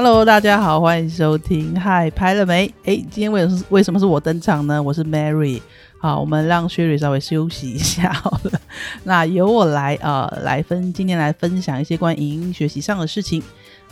Hello，大家好，歡迎收聽嗨拍了沒？誒，今天為什麼為什麼是我登場呢？我是 Mary、啊。好，我們讓 Sherry 稍微休息一下好了。 那由我來啊、呃，來分今天來分享一些關於學習上的事情。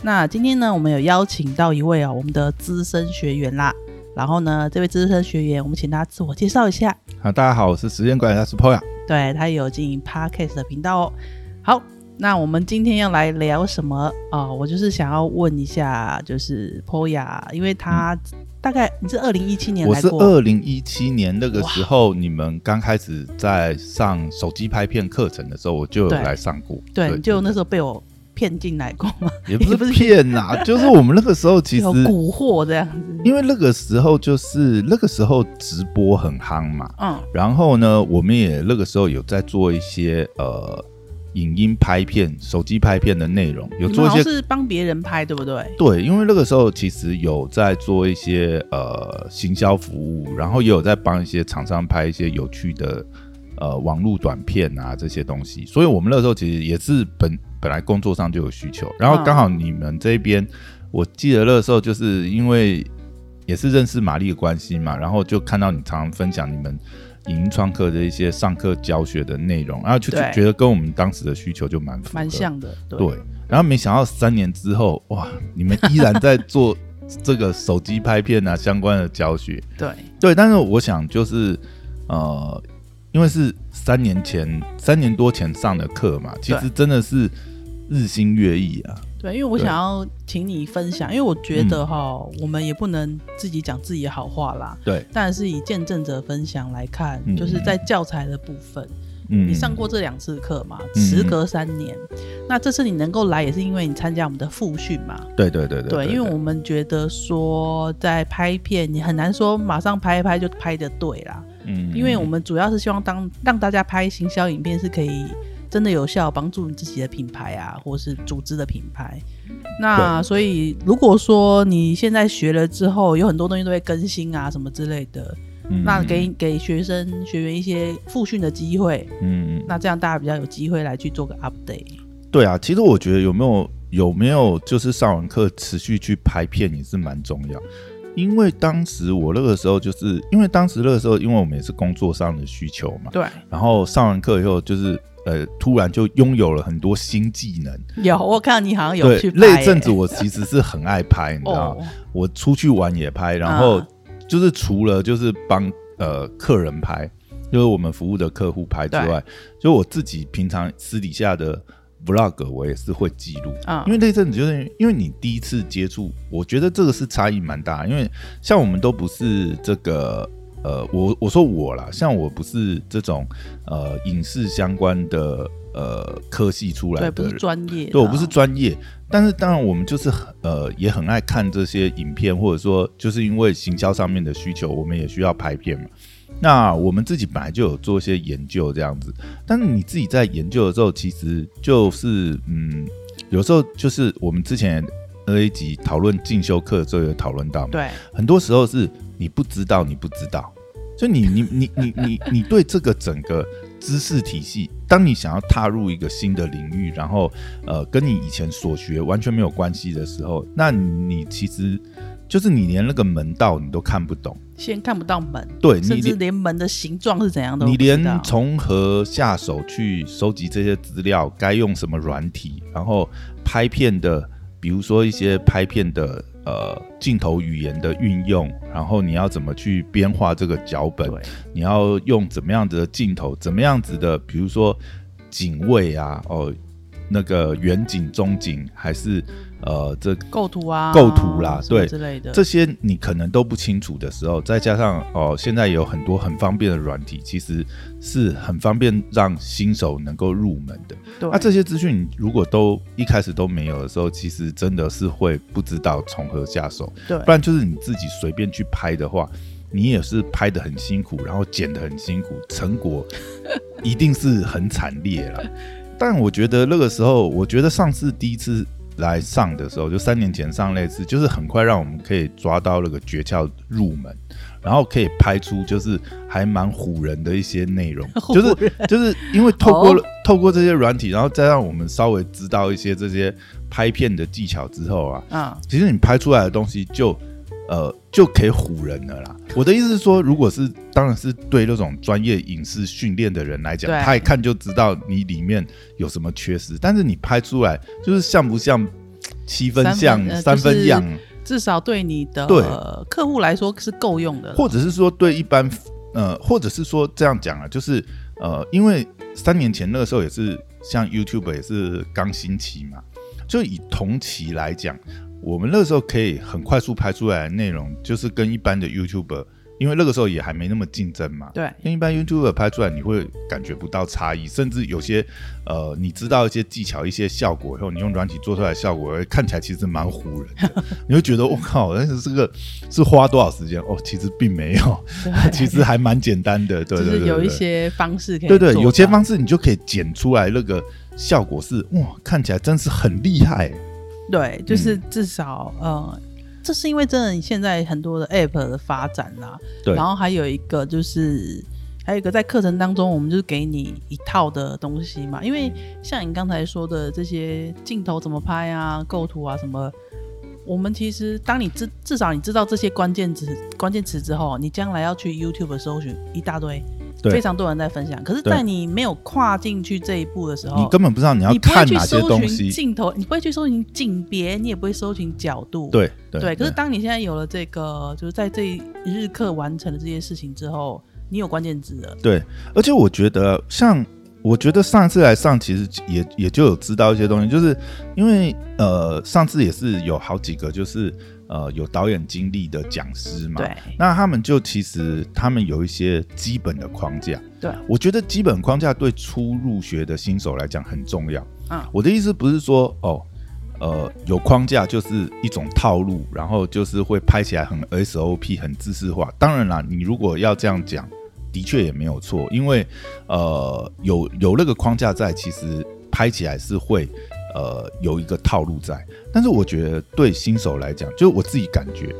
那今天呢，我們有邀請到一位啊、哦，我們的資深學員啦。然後呢，這位資深學員，我們請他自我介紹一下。好、啊，大家好，我是時間管理大師 Poya。對，他也有經營 Podcast 的頻道哦。好。那我們今天要來聊什麼啊、哦？我就是想要問一下，就是 Poya，因為他大概、嗯、你是二零一七年來過、啊、我是二零一七年那個時候你們剛開始在上手機拍片課程的時候，我就有來上過，對，以對就那時候被我騙進來過嗎？也不是騙吶、啊， 就是我們那個時候其實蠱惑這樣子，因為那個時候就是那個時候直播很夯嘛，嗯，然後呢，我們也那個時候有在做一些呃。影音拍片、手機拍片的內容有做一些，好像是幫別人拍，對不對？對，因為那個時候其實有在做一些呃行銷服務，然後也有在幫一些廠商拍一些有趣的呃網絡短片啊這些東西。所以，我們那個時候其實也是本本來工作上就有需求，然後剛好你們這邊，嗯，我記得那個時候就是因為也是認識瑪麗的關係嘛，然後就看到你常常分享你們。影音創客的一些上課教學的內容，然、啊、後就覺得跟我們當時的需求就蠻蠻像的。對，對，然後沒想到三年之後，哇，你們依然在做這個手機拍片啊 相關的教學。對對，但是我想就是呃，因為是三年前、三年多前上的課嘛，其實真的是日新月異啊。對，因為我想要請你分享，對因為我覺得哈，嗯、我們也不能自己講自己的好話啦。對，但是以見證者分享來看，嗯、就是在教材的部分，嗯、你上過這兩次課嘛？嗯、時隔三年，嗯、那這次你能夠來，也是因為你參加我們的複訓嘛？對，對對對對，對，因為我們覺得說在拍片，你很難說馬上拍一拍就拍得對啦。嗯，因為我們主要是希望當讓大家拍行銷影片是可以。真的有效幫助你自己的品牌啊，或是組織的品牌。那對所以，如果說你現在學了之後，有很多東西都會更新啊，什麼之類的。嗯。那給給學生學員一些複訓的機會。嗯。那這樣大家比較有機會來去做個 update。對啊，其實我覺得有沒有有沒有就是上完課持續去拍片也是蠻重要。因為當時我那個時候就是因為當時那個時候因為我們也是工作上的需求嘛。對。然後上完課以後就是。呃，突然就擁有了很多新技能。有，我看到你好像有去拍、欸。那陣子我其實是很愛拍， 你知道，oh. 我出去玩也拍。然後就是除了就是幫呃客人拍，就是我們服務的客戶拍之外，對就我自己平常私底下的 vlog 我也是會記錄。啊，oh. 因為那陣子就是因為你第一次接觸，我覺得這個是差異蠻大。因為像我們都不是這個。呃，我我說我啦，像我不是這種呃影視相關的呃科系，出來的，對，不是專業，對，我不是專業。啊、但是當然，我們就是呃，也很愛看這些影片，或者說就是因為行銷上面的需求，我們也需要拍片嘛。那我們自己本來就有做一些研究這樣子，但是你自己在研究的時候，其實就是嗯，有時候就是我們之前那一集討論進修課的時候有討論到嘛，對，很多時候是你不知道，你不知道。 就你你你你你你對這個整個知識體系，當你想要踏入一個新的領域，然後呃跟你以前所學完全沒有關係的時候，那你其實就是你連那個門道你都看不懂，先看不到門，對，你甚至連門的形狀是怎樣的，你連從何下手去收集這些資料，該用什麼軟體，然後拍片的，比如說一些拍片的。呃，鏡頭語言的運用，然後你要怎麼去編畫這個腳本？對你要用怎麼樣子的鏡頭？怎麼樣子的？比如說鏡位啊，哦。那個遠景、景、中景還是呃這構圖啊、構圖啦，對之類的這些你可能都不清楚的時候，再加上哦、呃，現在有很多很方便的軟體，其實是很方便讓新手能夠入門的。對，那這些資訊如果都一開始都沒有的時候，其實真的是會不知道從何下手。對，不然就是你自己隨便去拍的話，你也是拍得很辛苦，然後剪得很辛苦，成果一定是很慘烈了。 但我覺得那個時候，我覺得上次第一次來上的時候，就三年前上那次，就是很快讓我們可以抓到那個訣竅入門，然後可以拍出就是還蠻唬人的一些內容， 就是就是因為透過、哦、透過這些軟體，然後再讓我們稍微知道一些這些拍片的技巧之後啊，嗯、其實你拍出來的東西就呃。就可以唬人了啦。我的意思是說，如果是，當然是對那種專業影視訓練的人來講，對他一看就知道你裡面有什麼缺失。但是你拍出來，就是像不像七分像，三分，呃、三分樣？至少對你的客戶來說是夠用的。或者是說，對一般呃，或者是說這樣講啊，就是呃，因為三年前那個時候也是，像 YouTube 也是剛興起嘛，就以同期來講。我們那個時候可以很快速拍出來的內容，就是跟一般的 YouTuber，因為那個時候也還沒那麼競爭嘛。對。跟一般 YouTuber 拍出來，你會感覺不到差異，甚至有些，呃，你知道一些技巧、一些效果以後，你用軟體做出來的效果，看起來其實蠻唬人的。你會覺得我、哦、靠，但是這個是花多少時間？哦，其實並沒有，對對對，其實還蠻簡單的。對對對，對，對。就是有一些方式可以。對對，有些方式你就可以剪出來那個效果是哇，看起來真是很厲害、欸。對，就是至少，嗯、呃，這是因為真的你現在很多的 app 的發展啦、啊，對。然後還有一個就是，還有一個在課程當中，我們就是給你一套的東西嘛。因為像你剛才說的這些鏡頭怎麼拍啊、構圖啊什麼，我們其實當你至至少你知道這些關鍵詞、關鍵詞之後，你將來要去 YouTube 搜尋一大堆。對非常多人在分享，可是，在你沒有跨進去這一步的時候，對你根本不知道你要看哪些東西。你不會去搜尋鏡頭，你不會去搜尋景別，你也不會搜尋角度。對對。對對對，可是，當你現在有了這個，就是在這一日課完成了這件事情之後，你有關鍵字了。對，而且我覺得，像我覺得上次來上，其實也也就有知道一些東西，就是因為呃，上次也是有好幾個，就是。呃，有導演經歷的講師嘛？對。那他們就其實他們有一些基本的框架。對。我覺得基本框架對初入學的新手來講很重要。啊、嗯。我的意思不是說哦，呃，有框架就是一種套路，然後就是會拍起來很 SOP，很知識化。當然啦，你如果要這樣講，的確也沒有錯。因為呃，有有那個框架在，其實拍起來是會，呃，有一個套路在，但是我覺得對新手來講，就是我自己感覺，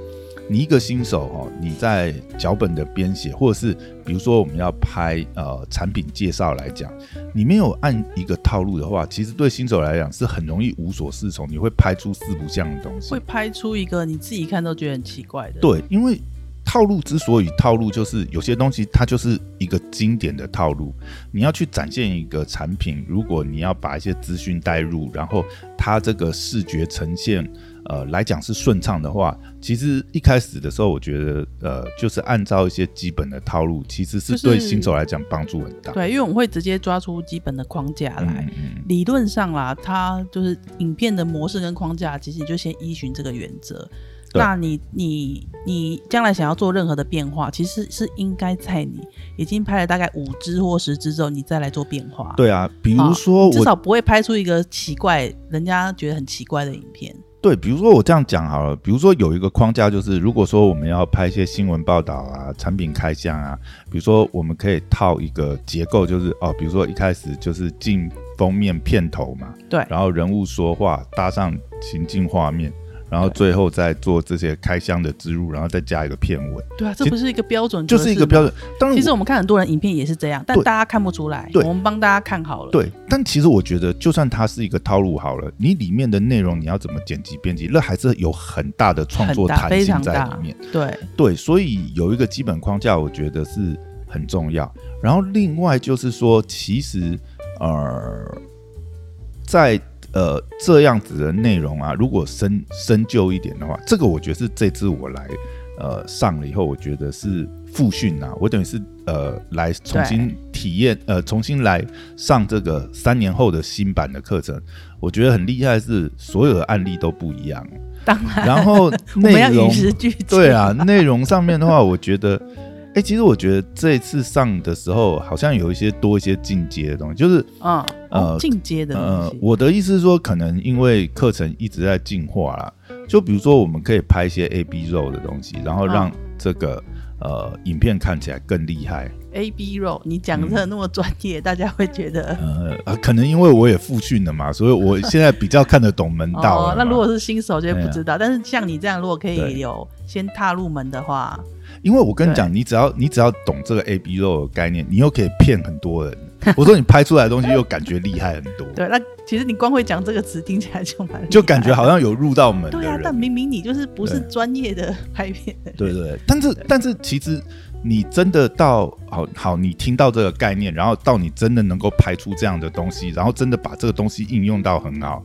你一個新手哦，你在腳本的編寫，或者是比如說我們要拍呃產品介紹來講，你沒有按一個套路的話，其實對新手來講是很容易無所適從，你會拍出四不像的東西，會拍出一個你自己看都覺得很奇怪的，對，因為。套路之所以套路，就是有些東西它就是一個經典的套路。你要去展現一個產品，如果你要把一些資訊帶入，然後它這個視覺呈現，呃，來講是順暢的話，其實一開始的時候，我覺得，呃，就是按照一些基本的套路，其實是對新手來講幫助很大。就是，對，因為我們會直接抓出基本的框架來。嗯嗯，理論上啦，它就是影片的模式跟框架，其實你就先依循這個原則。那、啊、你你你將來想要做任何的變化，其實是應該在你已經拍了大概五支或十支之後，你再來做變化。對啊，比如說我、哦、至少不會拍出一個奇怪，人家覺得很奇怪的影片。對，比如說我這樣講好了，比如說有一個框架，就是如果說我們要拍一些新聞報道啊、產品開箱啊，比如說我們可以套一個結構，就是哦，比如說一開始就是進封面片頭嘛，對，然後人物說話，搭上情境畫面。然後最後再做這些開箱的植入，然後再加一個片尾。對啊，其實這不是一個標準，就是一個標準。當然，其實我們看很多人影片也是這樣，但大家看不出來。對，我們幫大家看好了。對，但其實我覺得，就算它是一個套路好了，你裡面的內容你要怎麼剪輯編輯，那還是有很大的創作彈性在裡面。對對，所以有一個基本框架，我覺得是很重要。然後另外就是說，其實呃，在。呃，這樣子的內容啊，如果深深究一點的話，這個我覺得是這次我來，呃，上了以後，我覺得是複訓啊，我等於是呃來重新體驗，對呃，重新來上這個三年後的新版的課程，我覺得很厲害，是所有的案例都不一樣，當然，然後內容，我們要與時俱進啊，對啊，內容上面的話，我覺得。哎、欸，其實我覺得這一次上的時候，好像有一些多一些進階的東西，就是，嗯，呃，進階的東西，呃，我的意思是說，可能因為課程一直在進化啦，就比如說，我們可以拍一些 AB 肉的東西，然後讓這個、啊、呃影片看起來更厲害。AB 肉，你講的那麼專業，嗯、大家會覺得呃呃，呃，可能因為我也復訓了嘛，所以我現在比較看得懂門道、 哦。那如果是新手，就不知道。啊、但是像你這樣，如果可以有先踏入門的話。因為我跟你講，對你只要你只要懂這個 A B roll 的概念，你又可以騙很多人。 我說你拍出來的東西又感覺厲害很多。對，那其實你光會講這個詞，聽起來就蠻就感覺好像有入到門。對啊，但明明你就是不是專業的拍片的。對,對對，但是對但是其實你真的到好好，你聽到這個概念，然後到你真的能夠拍出這樣的東西，然後真的把這個東西應用到很好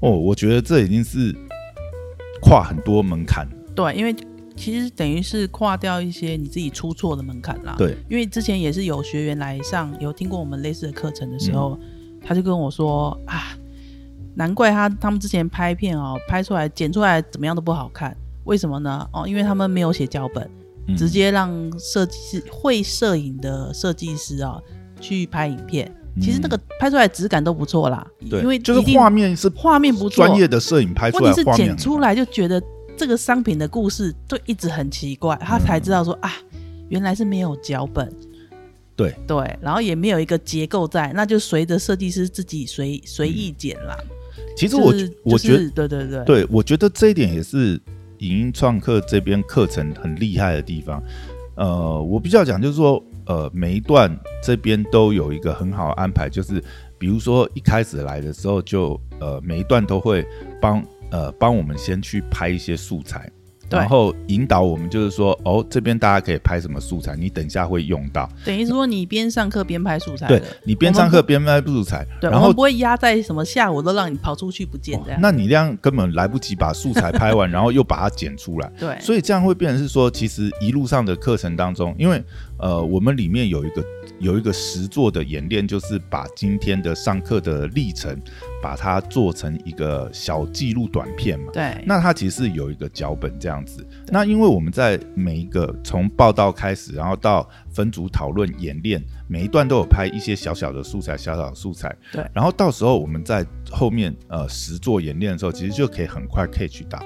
哦，我覺得這已經是跨很多門檻。對，因為。其實等於是跨掉一些你自己出錯的門檻啦。對，因為之前也是有學員來上，有聽過我們類似的課程的時候，嗯、他就跟我說啊，難怪他他們之前拍片哦、喔，拍出來剪出來怎麼樣都不好看，為什麼呢？哦、喔，因為他們沒有寫腳本，嗯、直接讓設計師會攝影的設計師啊、喔、去拍影片。其實那個拍出來質感都不錯啦，對，因為就是畫面是畫面不錯，專業的攝影拍出來的畫面，問題是剪出來就覺得。這個商品的故事就一直很奇怪，他才知道說、嗯、啊，原來是沒有腳本，對對，然後也沒有一個結構在，那就隨着設計師自己隨隨意剪啦、嗯。其實我、就是、我覺得、就是、對對對對，我覺得這一點也是影音創客這邊課程很厲害的地方。呃，我比較講就是說，呃，每一段這邊都有一個很好的安排，就是比如說一開始來的時候就呃每一段都會幫。呃，幫我們先去拍一些素材，對然後引導我們，就是說，哦，這邊大家可以拍什麼素材，你等一下會用到。等於說你，你邊上課邊拍素材。後對，你邊上課邊拍素材。對，然後不會壓在什麼下午都讓你跑出去不見的。哦，那你這樣根本來不及把素材拍完， 然後又把它剪出來。對，所以這樣會變成是說，其實一路上的課程當中，因為呃，我們裡面有一個。有一個實作的演練，就是把今天的上課的歷程，把它做成一個小記錄短片嘛。對。那它其實是有一個腳本這樣子。對。那因為我們在每一個從報到開始，然後到分組討論演練，每一段都有拍一些小小的素材，小小的素材。對。然後到時候我們在後面呃實作演練的時候，其實就可以很快可以取到。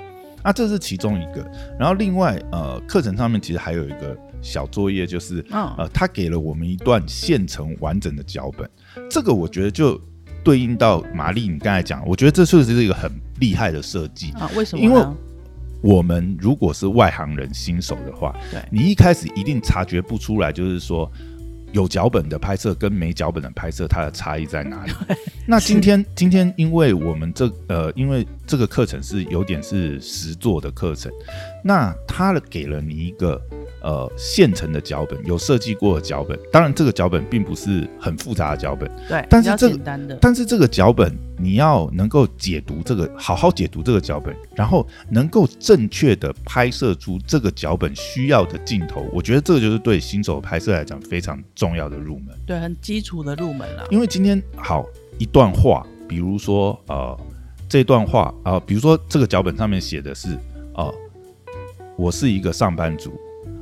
那這是其中一個。然後另外呃課程上面其實還有一個小作業就是，哦、呃，他給了我們一段現成完整的腳本，這個我覺得就對應到瑪麗，你剛才講，我覺得這確實是一個很厲害的設計啊。為什麼？因為我們如果是外行人、新手的話，對，你一開始一定察覺不出來，就是說有腳本的拍攝跟沒腳本的拍攝它的差異在哪裡。對那今天，是今天因為我們這呃，因為這個課程是有點是實作的課程。那他給了你一個呃現成的腳本，有設計過的腳本。當然，這個腳本並不是很複雜的腳本，對，但是這個但是這個腳本你要能夠解讀這個，好好解讀這個腳本，然後能夠正確的拍攝出這個腳本需要的鏡頭。我覺得這個就是對新手拍攝來講非常重要的入門，對，很基礎的入門了啊。因為今天好一段話，比如說呃這段話啊，呃，比如說這個腳本上面寫的是啊，呃我是一個上班族，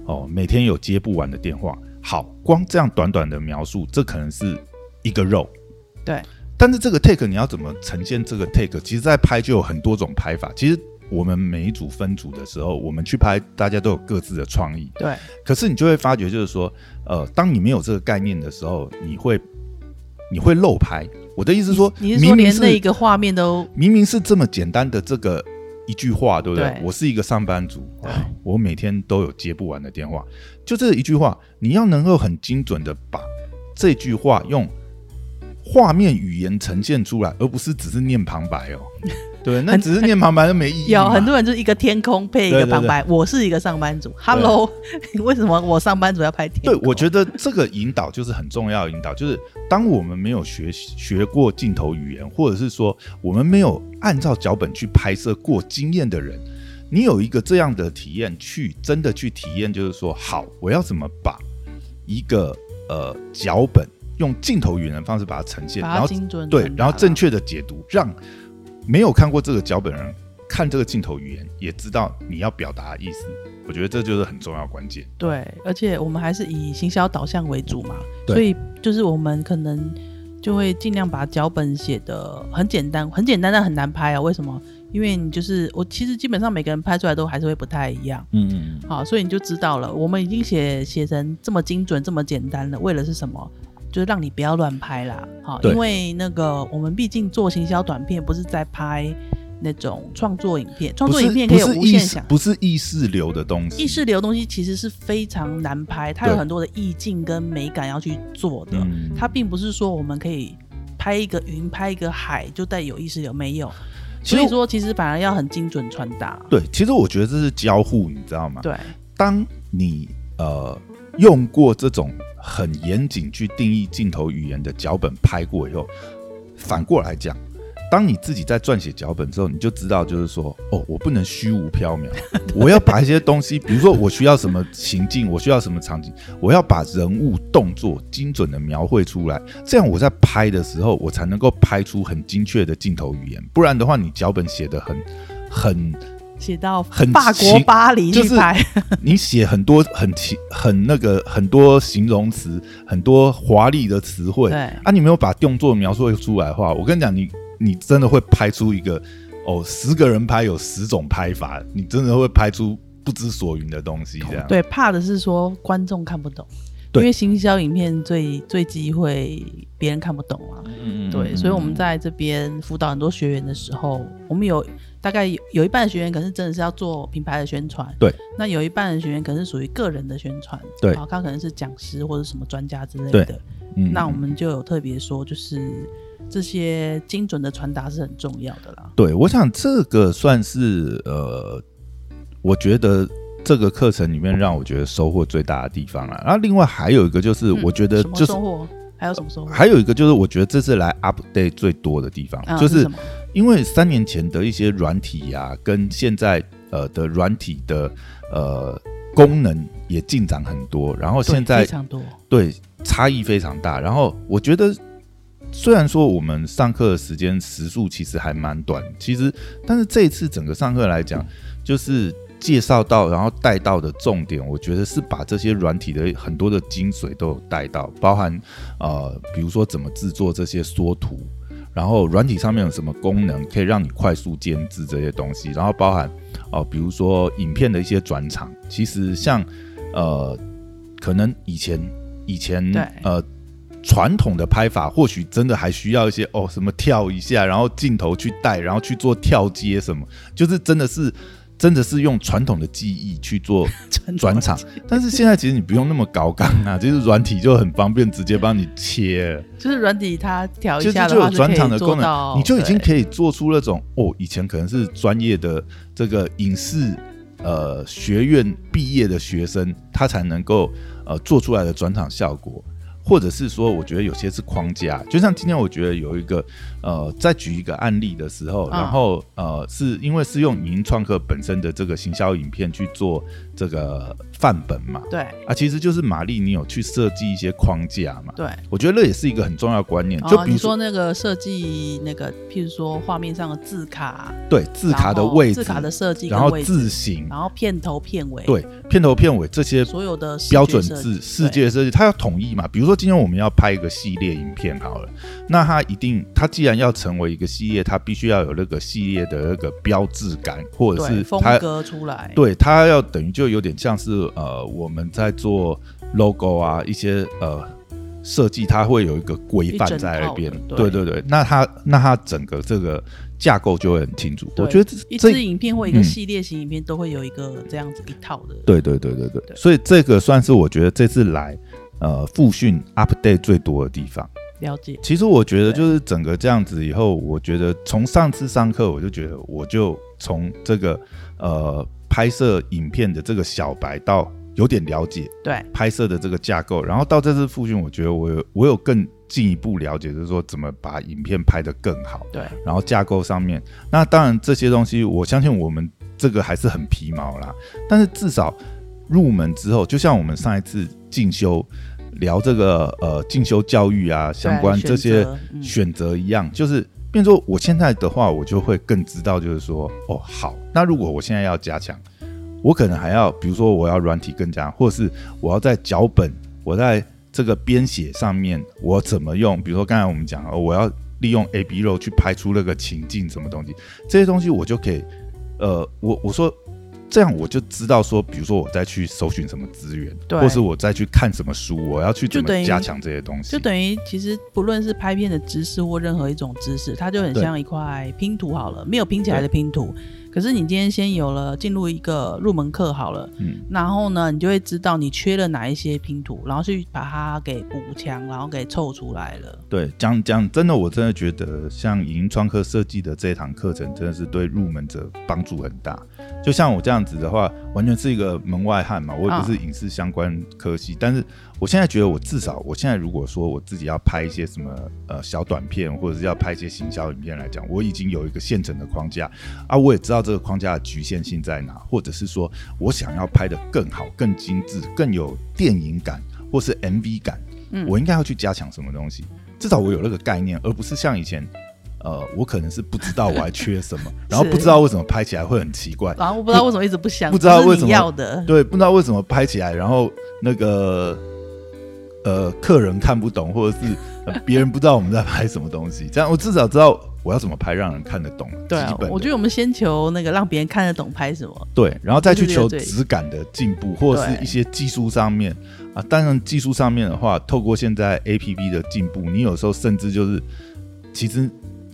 哦，每天有接不完的電話。好，光這樣短短的描述，這可能是一個肉。對，但是這個 take 你要怎麼呈現這個 take？其實，在拍就有很多種拍法。其實，我們每一組分組的時候，我們去拍，大家都有各自的創意。對。可是你就會發覺，就是說，呃，當你沒有這個概念的時候，你會你會漏拍。我的意思是說，你你是說連明明是那一個畫面都明明是這麼簡單的這個。一句話，對不對？對，我是一個上班族對、啊，我每天都有接不完的電話，就這一句話，你要能夠很精準的把這句話用畫面語言呈現出來，而不是只是念旁白哦。 對，那只是念旁白都沒意義。有很多人就是一個天空配一個旁白。對對對，我是一個上班族對，Hello，為什麼我上班族要拍天空？對，我覺得這個引導就是很重要的引導，就是當我們沒有學學過鏡頭語言，或者是說我們沒有按照腳本去拍攝過經驗的人，你有一個這樣的體驗，去真的去體驗，就是說，好，我要怎麼把一個呃腳本用鏡頭語言的方式把它呈現，然後精準對，然後正確的解讀，嗯、讓。沒有看過這個腳本人看這個鏡頭語言，也知道你要表達的意思。我覺得這就是很重要的關鍵。對，而且我們還是以行銷導向為主嘛，對所以就是我們可能就會盡量把腳本寫得很簡單，很簡單，但很難拍啊。為什麼？因為你就是我，其實基本上每個人拍出來都還是會不太一樣。嗯嗯。好，所以你就知道了，我們已經寫寫成這麼精準、這麼簡單了，為了是什麼？就讓你不要亂拍啦，好，因為那個對我們畢竟做行銷短片，不是在拍那種創作影片。創是作影片可以有無限想不，不是意識流的東西。意識流的東西其實是非常難拍，對它有很多的意境跟美感要去做的。對它並不是說我們可以拍一個雲，拍一個海就帶有意識流，有沒有？所以說，其實反而要很精準傳達。對，其實我覺得這是交互，你知道嗎？對，當你呃用過這種。很嚴謹去定義鏡頭語言的腳本拍過以後，反過來講，當你自己在撰寫腳本之後，你就知道，就是說，哦，我不能虛無縹緲，我要把一些東西，比如說我需要什麼情境，我需要什麼場景，我要把人物動作精準的描繪出來，這樣我在拍的時候，我才能夠拍出很精確的鏡頭語言，不然的話，你腳本寫得很很。寫到很法國巴黎，就是你寫很多很奇，很那個很多形容詞、很多華麗的詞彙對啊！你沒有把動作描述出來的話，我跟你講，你你真的會拍出一個哦，十個人拍有十種拍法，你真的會拍出不知所云的東西。這樣對，怕的是說觀眾看不懂，對因為行銷影片最最忌諱別人看不懂嘛、啊。嗯，對，所以我們在這邊輔導很多學員的時候，我們有。大概有有一半的學員，可能是真的是要做品牌的宣傳。對。那有一半的學員，可能是屬於個人的宣傳。對。他可能是講師或者什麼專家之類的。對。嗯，那我們就有特別說，就是這些精準的傳達是很重要的啦。對，我想這個算是呃，我覺得這個課程裡面讓我覺得收穫最大的地方了。然後另外還有一個就是，我覺得就是還有什麼收穫？還有一個就是，我覺得這次來 update 最多的地方、嗯、就是。是因為三年前的一些軟體啊，跟現在呃的軟體的呃功能也進展很多，然後現在非常多，對差異非常大。然後我覺得，雖然說我們上課的時間時數其實還蠻短，其實但是這一次整個上課來講，嗯、就是介紹到然後帶到的重點，我覺得是把這些軟體的很多的精髓都帶到，包含呃比如說怎麼制作這些縮圖。然後軟體上面有什麼功能可以讓你快速剪接這些東西？然後包含哦、呃，比如說影片的一些轉場，其實像呃，可能以前以前對呃傳統的拍法，或許真的還需要一些哦什麼跳一下，然後鏡頭去帶，然後去做跳接什麼，就是真的是。真的是用傳統的技藝去做轉場， 但是現在其實你不用那麼高剛啊，就是軟體就很方便，直接幫你切。就是軟體它調一下的話是可以做到，就是就有轉場的功能，你就已經可以做出那種對哦，以前可能是專業的這個影視呃學院畢業的學生他才能夠呃做出來的轉場效果，或者是說我覺得有些是框架，就像今天我覺得有一個。呃，再舉一個案例的時候，嗯、然後呃，是因為是用影音創客本身的這個行銷影片去做這個範本嘛？對啊，其實就是瑪麗，你有去設計一些框架嘛？對，我覺得這也是一個很重要的觀念。就比如說，哦、說那個設計那個，譬如說畫面上的字卡，對字卡的位置、字卡的設計，然後字型，然後片頭片尾，對片頭片尾、嗯、這些所有的標準字、的視覺設計，它要統一嘛？比如說今天我們要拍一個系列影片好了，那它一定它既然要成為一個系列，它必須要有那個系列的那個標誌感，或者是風格出來。對，它要等於就有點像是呃，我們在做 logo 啊，一些呃設計，它會有一個規範在那邊。對，對對對，那它那它整個這個架構就會很清楚。對，我覺得一支影片或一個系列型影片、嗯、都會有一個這樣子一套的。對，對對對對對，對，所以這個算是我覺得這次來呃複訓 update 最多的地方。了解，其實我覺得就是整個這樣子以後，對我覺得從上次上課，我就覺得我就從這個呃拍攝影片的這個小白到有點了解，對拍攝的這個架構，對然後到這次複訓，我覺得我有我有更進一步了解，就是說怎麼把影片拍得更好，對，然後架構上面，那當然這些東西我相信我們這個還是很皮毛啦，但是至少入門之後，就像我們上一次進修。聊這個呃進修教育啊，相關這些選擇一樣，嗯、就是變成說我現在的話，我就會更知道，就是說哦好，那如果我現在要加強，我可能還要比如說我要軟體更加，或是我要在腳本，我在這個編寫上面，我怎麼用？比如說剛才我們講、哦，我要利用 A B roll 去拍出那個情境，什麼東西這些東西我就可以呃，我我說。這樣我就知道，說比如說我再去搜尋什麼資源，對，或是我再去看什麼書，我要去怎麼加強這些東西就，就等於其實不論是拍片的知識或任何一種知識，它就很像一塊拼圖好了，對沒有拼起來的拼圖。對可是你今天先有了進入一個入門課好了，嗯，然後呢，你就會知道你缺了哪一些拼圖，然後去把它給補強，然後給湊出來了。對，講講真的，我真的覺得像影音創客設計的這一堂課程，真的是對入門者幫助很大。就像我這樣子的話，完全是一個門外漢嘛，我也不是影視相關科系。哦、但是我現在覺得，我至少我現在如果說我自己要拍一些什麼呃小短片，或者是要拍一些行銷影片來講，我已經有一個現成的框架啊，我也知道這個框架的局限性在哪，或者是說我想要拍得更好、更精緻、更有電影感，或是 MV 感，嗯、我應該要去加強什麼東西？至少我有那個概念，而不是像以前。呃，我可能是不知道我還缺什麼， 是然後不知道為什麼拍起來會很奇怪。然後我不知道為什麼一直不想，不知道為什麼要的對，不知道為什麼拍起來，然後那個呃，客人看不懂，或者是、呃、別人不知道我們在拍什麼東西。 這樣我至少知道我要怎麼拍，讓人看得懂。對、啊，我覺得我們先求那個讓別人看得懂拍什麼，對，然後再去求質感的進步，或者是一些技術上面對啊。當然技術上面的話，透過現在 A P P 的進步，你有時候甚至就是其實。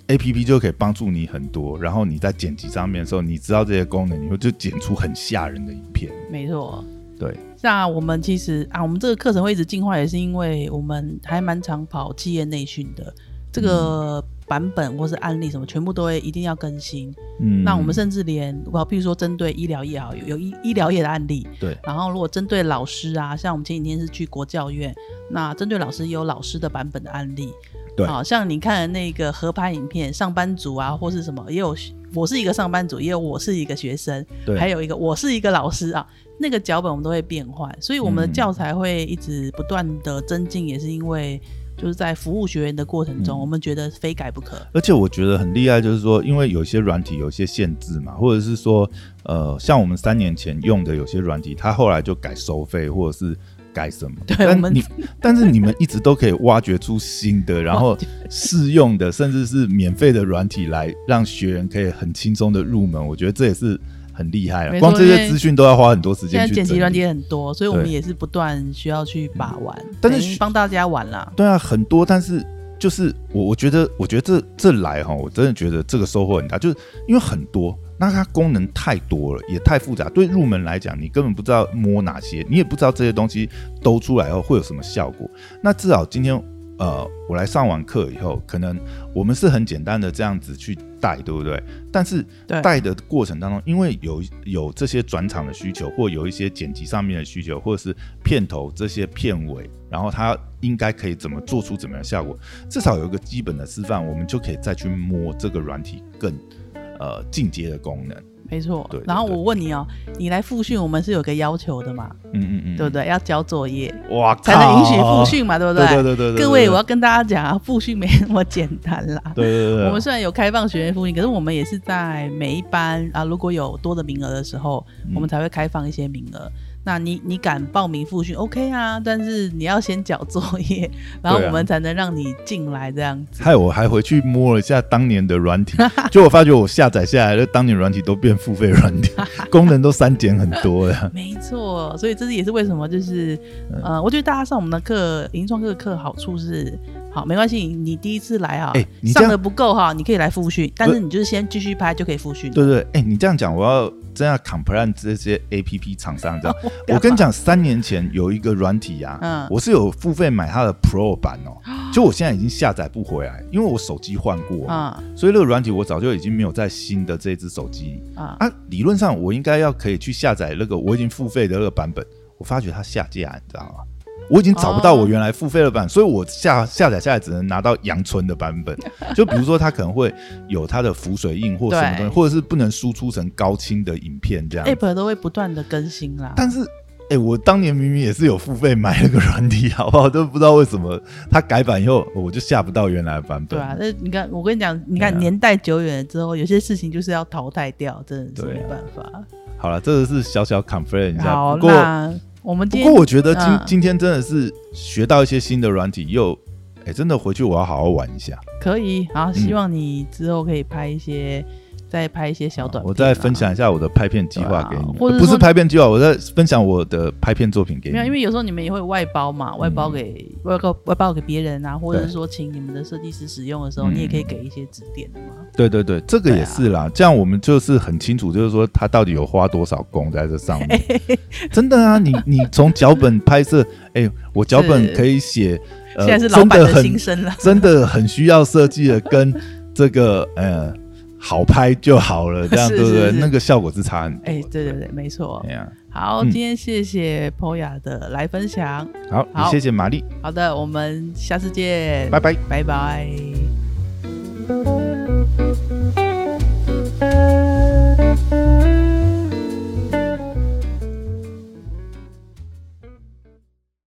A P P 就可以幫助你很多，然後你在剪輯上面的時候，你知道這些功能，你會就剪出很嚇人的影片。沒錯，對。那我們其實啊，我們這個課程會一直進化，也是因為我們還蠻常跑企業內訓的，這個版本或是案例什麼，全部都會一定要更新。嗯，那我們甚至連，我比如說針對醫療業也好，有，有醫，醫療業的案例。對。然後如果針對老師啊，像我們前幾天是去國教院，那針對老師也有老師的版本的案例。好對、哦、像你看的那個合拍影片。上班族啊，或是什麼，也有我是一個上班族，也有我是一個學生，對，還有一個我是一個老師啊，那個腳本我們都會變換，所以我們的教材會一直不斷的增進。嗯、也是因為就是在服務學員的過程中，嗯、我們覺得非改不可。而且我覺得很厲害，就是說，因為有些軟體有些限制嘛，或者是說，呃，像我們三年前用的有些軟體，它後來就改收費，或者是。改什麼？對但你， 但是你們一直都可以挖掘出新的，然後試用的，甚至是免費的軟體來讓學員可以很輕鬆的入門。我覺得這也是很厲害了。光這些資訊都要花很多時間。現在剪輯軟件很多，所以我們也是不斷需要去把玩，對嗯、但是幫大家玩啦。對啊，很多，但是。就是我，我覺得，我覺得這這來齁，我真的覺得這個收穫很大，就是因為很多，那它功能太多了，也太複雜，對入門來講，你根本不知道摸哪些，你也不知道這些東西都出來後會有什麼效果。那至少今天。呃，我來上完課以後，可能我們是很簡單的這樣子去帶，對不對？但是帶的過程當中，對因為有有這些轉場的需求，或有一些剪輯上面的需求，或者是片頭這些片尾，然後它應該可以怎麼做出怎麼樣的效果，至少有一個基本的示範，我們就可以再去摸這個軟體更呃進階的功能。沒錯，然後我問你哦、喔，你來複訓，我們是有個要求的嘛，嗯嗯嗯，對不對？要交作業，哇靠，才能允許複訓嘛，對不對？對對對對，對，對，對，對，各位，我要跟大家講啊，複訓沒那麼簡單啦。對對，對對對。我們雖然有開放學員複訓，可是我們也是在每一班啊，如果有多的名額的時候，嗯，我們才會開放一些名額。那你你敢報名複訓 OK 啊，但是你要先交作業，然後我們才能讓你進來這樣子。啊、害我還回去摸了一下當年的軟體， 就我發覺我下載下來的當年的軟體都變付費軟體， 功能都刪減很多呀。 沒錯，所以這是也是為什麼，就是呃，我覺得大家上我們的課，影音創客的課好處是，好沒關係，你第一次來啊，欸、你這樣上的不夠哈、啊，你可以來複訓，但是你就是先繼續拍就可以複訓、呃。對對，哎、欸，你這樣講我要。真要 complain 這些 APP 廠商這樣，知道嗎？我，我跟你講，三年前有一個軟體啊，嗯、我是有付費買它的 Pro 版哦，就我現在已經下載不回來，因為我手機換過、嗯、所以那個軟體我早就已經沒有在新的這一支手機、嗯、啊，理論上我應該要可以去下載那個我已經付費的那個版本，我發覺它下架、啊，你知道嗎？我已經找不到我原來付費的版，oh. 所以我下下載下來只能拿到陽春的版本。 就比如說它可能會有它的浮水印或什麼東西，對或者是不能輸出成高清的影片這樣。App 都會不斷的更新啦。但是，哎、欸，我當年明明也是有付費買了個軟體，好不好？都不知道為什麼他改版以後我就下不到原來的版本。對啊，那你看，我跟你講，你看年代久遠了之後，啊、有些事情就是要淘汰掉，真的是沒辦法。啊、好了，這個是小小 confirm 一下。好，不過那。我們不過我覺得今、嗯、今天真的是學到一些新的軟體，又哎，欸、真的回去我要好好玩一下。可以，好，嗯、希望你之後可以拍一些。再拍一些小短片。我再分享一下我的拍片計劃給你，啊，是呃、不是拍片計劃，我在分享我的拍片作品給你。因為有時候你們也會外包嘛，嗯、外包給外包外包給別人啊，或者是說請你們的設計師使用的時候，嗯、你也可以給一些指點的嘛。對對對，這個也是啦。啊、這樣我們就是很清楚，就是說他到底有花多少工在這上面。 真的啊，你你從腳本拍攝，哎、欸，我腳本可以寫，是呃、現在是老板的心聲了，真的，真的很需要設計的，跟這個、呃好拍就好了，這樣對不對？那個效果是差很多哎，欸、對對對，沒錯。啊、好，今天謝謝 Poya 的來分享。嗯、好，好，也謝謝瑪麗。好的，我們下次見。拜拜，拜拜。